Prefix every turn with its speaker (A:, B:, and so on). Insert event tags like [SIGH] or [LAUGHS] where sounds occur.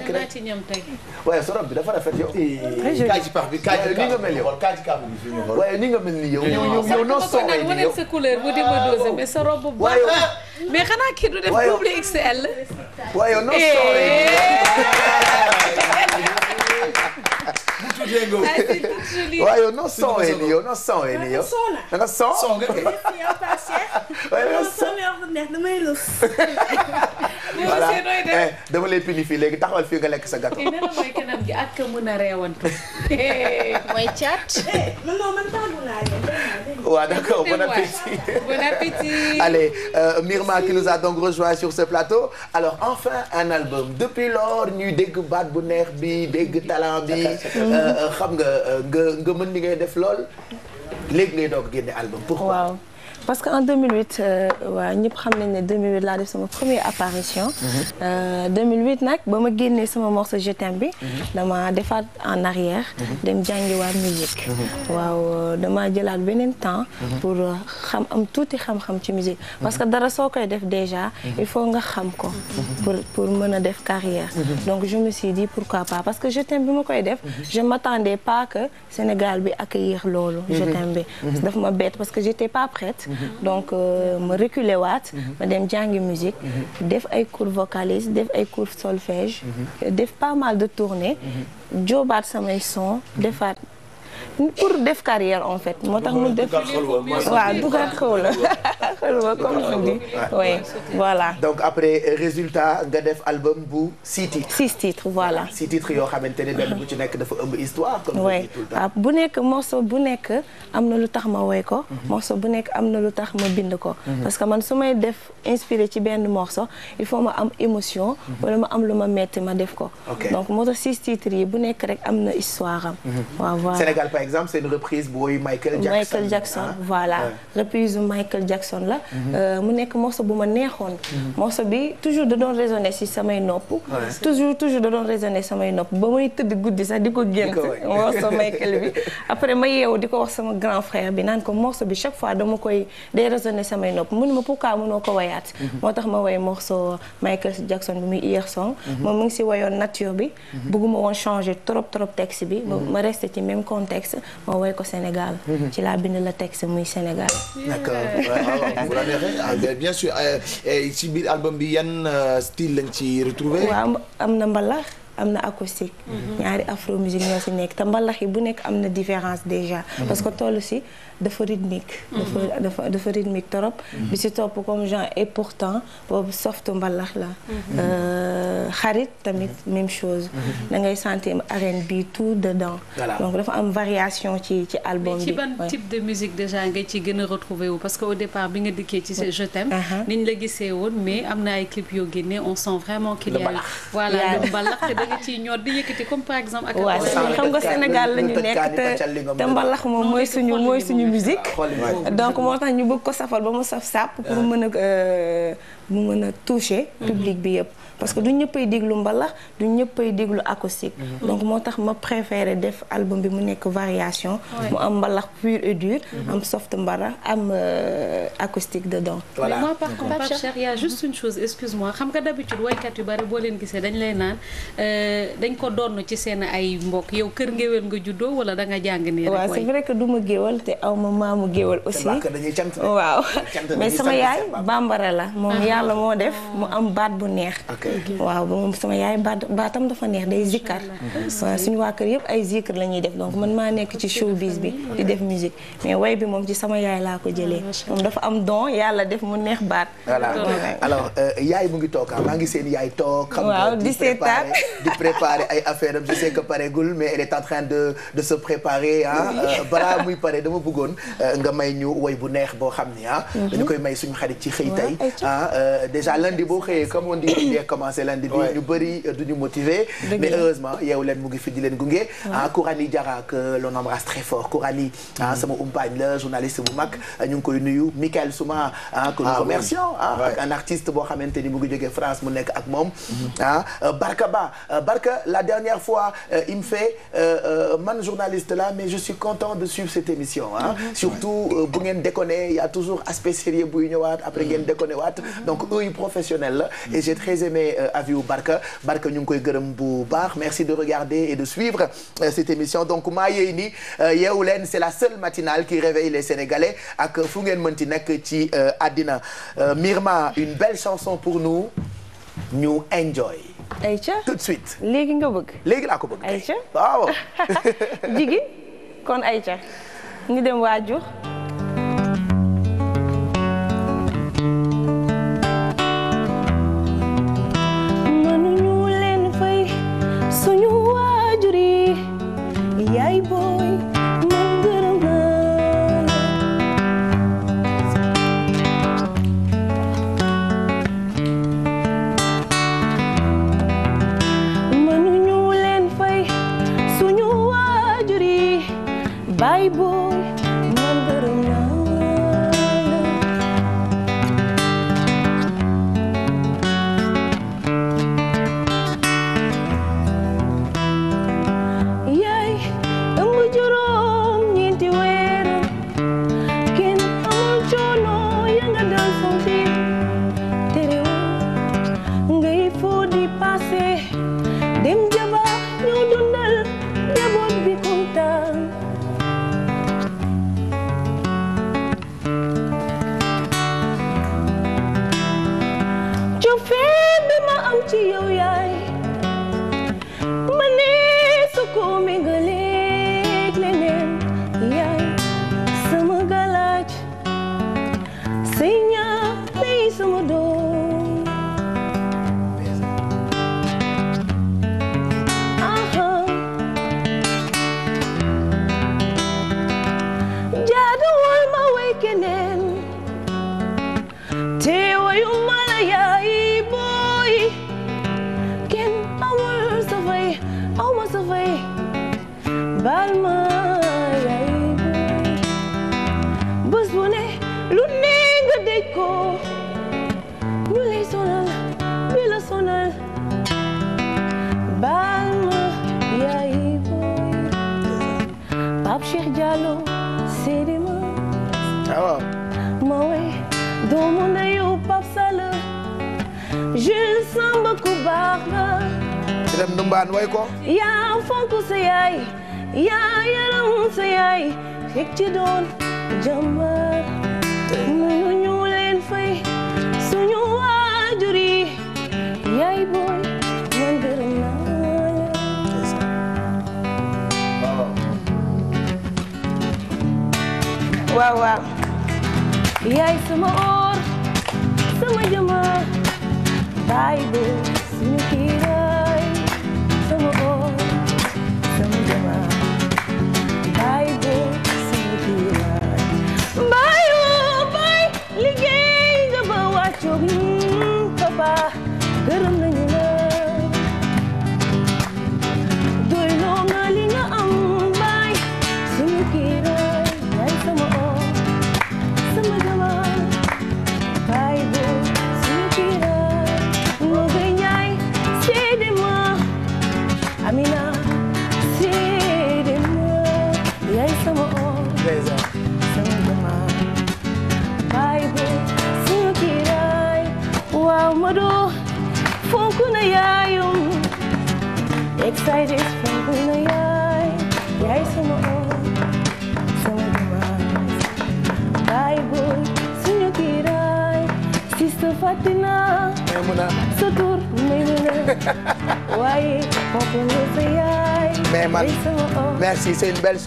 A: dinaa ci ñam tey.
B: waaye sa robe bi dafa rafet yow. kaa ci pax bi kaa ci ni nga mel yow kaa ci kaamu bi suñu xool. waaye ni nga mel ni yow. yow yow yow noo soowee nii yow waaw sa
A: couleur bu di ma dosé mais sa robe bu baax mais xanaa kii du def double XL.
B: waaye yow noo soowee nii. waaye eh. yow noo soowee nii yow noo soowee nii yow. da nga soow. waaye yow soo.
A: voilà eh,
B: dama lay pini fii léegi taxawal fii nga lekk sa gâteau. dina
A: eh, la mooy kanam gi ak mën a reewantu. [LAUGHS] Eh. mooy caat. non non man tàngu naa leen. waaw d'accord bon appétit. bon appétit.
B: [LAUGHS] allez euh, Myrma qui nous a donc rejoint sur ce plateau alors enfin un album depuis lors ñuy dégg baat bu neex bi dégg talent bi euh, euh, xam nga euh, nga nga mën ni ngay def lool léegi ngay doog génne album. pourquoi. Wow.
A: parce que en 2008 waaw euh, ñëpp xam nañ ne 2008 laa def sama première apparition. 2008 mhm. euh, nag ba ma génnee sama morceau Je t'aime bi. Mhm. dama defaat en arrière. Mhm. dem jàngiwaat musique. waaw euh, dama jëlaat beneen temps. pour xam am tuuti xam-xam ci musique. parce que dara soo koy def déjà. il faut nga xam ko. pour pour mën a def carrière. donc je me suis dit pourquoi pas parce que Je t'aime bi ma koy def. je m'attendais pas que Sénégal bi accueillir loolu. Je t'aime bi daf ma bett parce que j'étais pas prête. [LAUGHS] donc euh, ma reculer waat. ma dem jàngi musique. def ay cours vocaliste def ay cours solfège. [LAUGHS] def pas mal de tournées. [LAUGHS] joobaat samay son defaat. pour def carrière en fait moo tax mu def waaw dugal xaw la xaw
B: comme après résultat nga def album bu six titres six titres voilà yoo xamante ne benn bu ci nekk dafa ëmb histoire comme oui
A: ah, bu nekk morceau bu nekk am na lu tax ma woy ko mhm. morceau bu nekk am na lu tax ma bind ko mhm. parce que man su may def inspiré ci benn morceau il faut ma am émotion mhm. wala ma am lu ma metti ma def ko donc moo tax six titres yi bu nekk rek am na histoire am waaw voilà
B: exemple seen reprise booy Michael Jackson Michael
A: Jackson hein? voilà ouais. reprise Michael Jackson la. Mhm. Euh, mu nekk morceau bu ma neexoon. Mhm. morceau bi toujours da doon résonner si samay nopp. toujours toujours da doon samay nopp ba may tëdd guddi sax di ko gént. morceau Michael bi après ma yeewu di ko wax sama grand frère bi naan ko morceau bi chaque fois dama koy day résonner samay nopp mun ma pourquoi munoo ko wayaat. Mhm. moo tax ma woy morceau Michael Jackson bi muy Ear Song. moom mu ngi si woyoon nature bi. bëgguma woon changer trop trop texte ma woy ko Sénégal. Mhm. ci laa bind la texte muy Sénégal.
B: d'accord bu la neexee ci biir album bi yan euh, style lañ ci retrouver waaw
A: am na mbalax. am na acoustique mhm. ñaari afro musique ñoo si nekk te mbalax yi bu nekk am na différence déjà mhm. parce que toll si dafa rythmique mhm. dafa dafa dafa rythmique trop bi si topp comme genre et pourtant boobu softu mbalax la euh, xarit tamit même chose da ngay sentir R&B tout dedans donc dafa am variation ci ci album bi ci ban type de musique déjà nga ci gën a retrouver wu parce que au départ bi nga dikkee ci je t'aime uh-huh. niñ la gisee woon mais am na ay clip yoo génne on sent vraiment qu'il y mbalax [LAUGHS] da nga ciy ñor di yëkkati comme par waa xam nga Sénégal la ñu nekk te te mbalax moom mooy suñu mooy suñu musique. donc moo tax ñu bëgg ko safal ba mu saf sàpp pour mën a euh, mu mën a toucher mhm. public bi yëpp. parce que du ñëppay déglu mbalax du ñëppay déglu acoustique. Mhm. donc moo tax ma préféré def album bi mu nekk variation. mu am mbalax pur et dur. Mhm. am soft mbalax am euh, acoustique dedans. voilà mais moi par contre Pape Cheikh a juste xam nga d'habitude waykat yu bari boo leen gisee dañ lay naan. Euh, dañ ko donn ci seen ay mbokk yow kër ngéwél nga juddoo wala da nga jàng nii rek. waaw c'est vrai que du ma géwél te aw ma maamu géwél aussi
B: waaw mais sama yaay
A: bambara la moom ah. yàlla moo def mu am baat bu neex waaw moom sama yaay baat baatam dafa neex day zikkar waaw suñu waa kër yëpp ay zikr la ñuy def donc man maa nekk ci showbiz bi di def musique mais way bi moom ci sama yaay laa ko jëlee ah, moom dafa am don yàlla def mu neex baat
B: voilà alors euh, yaay mu ngi toog ah, maa ngi seen yaay toog xam di seetaan di préparer ay affaire am je sais que paregul mais elle est en train de se préparer ah muy pare dama bëggoon euh, nga may ñu woy bu neex boo xam ni ah mhm. dañu koy may suñu xarit ci xëy tey ah euh, déjà lundi boo xëyee comme on dit bien [COUGHS] commencé lundi bi ñu bëri du ñu motiver mais heureusement yeewu leen mu ngi fi di leen gunge ah Kourani Diarra que l'on embrasse très fort Kourani ah mm. sama umpaañ la journaliste bu mag ñu ngi koy nuyu Michael Souma ah que nous ah, remercions ah un boo xamante ni mu ngi jógee France mu nekk ak moom mm-hmm. ah, Barkaba Euh, Barka la dernière fois euh, il me fait euh, man journaliste la mais je suis content de suivre cette émission ah surtout bu ngeen déconner il y a toujours aspect sérieux buy ñëwaat après ngeen mhm. déconner waat donc mhm. eux yu professionnel la et j'ai très aimé avis u Barka Barka ñu ngi koy gërëm bu baax merci de regarder et de suivre cette émission donc maa yey ni yeewu leen c'est la seule matinale qui réveille les Sénégalais ak fu ngeen mënti nekk ci àddina Mirma une belle chanson pour nous ñu enjoy ayca tout de suite. léegi nga bëgg. léegi laa ko bëgg. ayca waaw. [LAUGHS] [LAUGHS]
A: jigi kon ayca ñu dem waajur. boy memberenang Yai embu jorom nyinti wera Ken amul jono yang ada sonti Terewa ngai fo di pase Dem jam Ciao. Maué, doomu ndeyu Pape Sall Jules Samba ku baax la. Birame Ndumbaan way yaa fonk sa yaay yaa yërëm sa yaay fekk ci doon jàmbaar. sama or sama jama taay bi Excited from Bunayay Yay sumuot sa magamas Bible, sunyo kiray Sister Fatina
B: May mo na Sa tur, may populo sa
A: yay
B: May man Merci, c'est une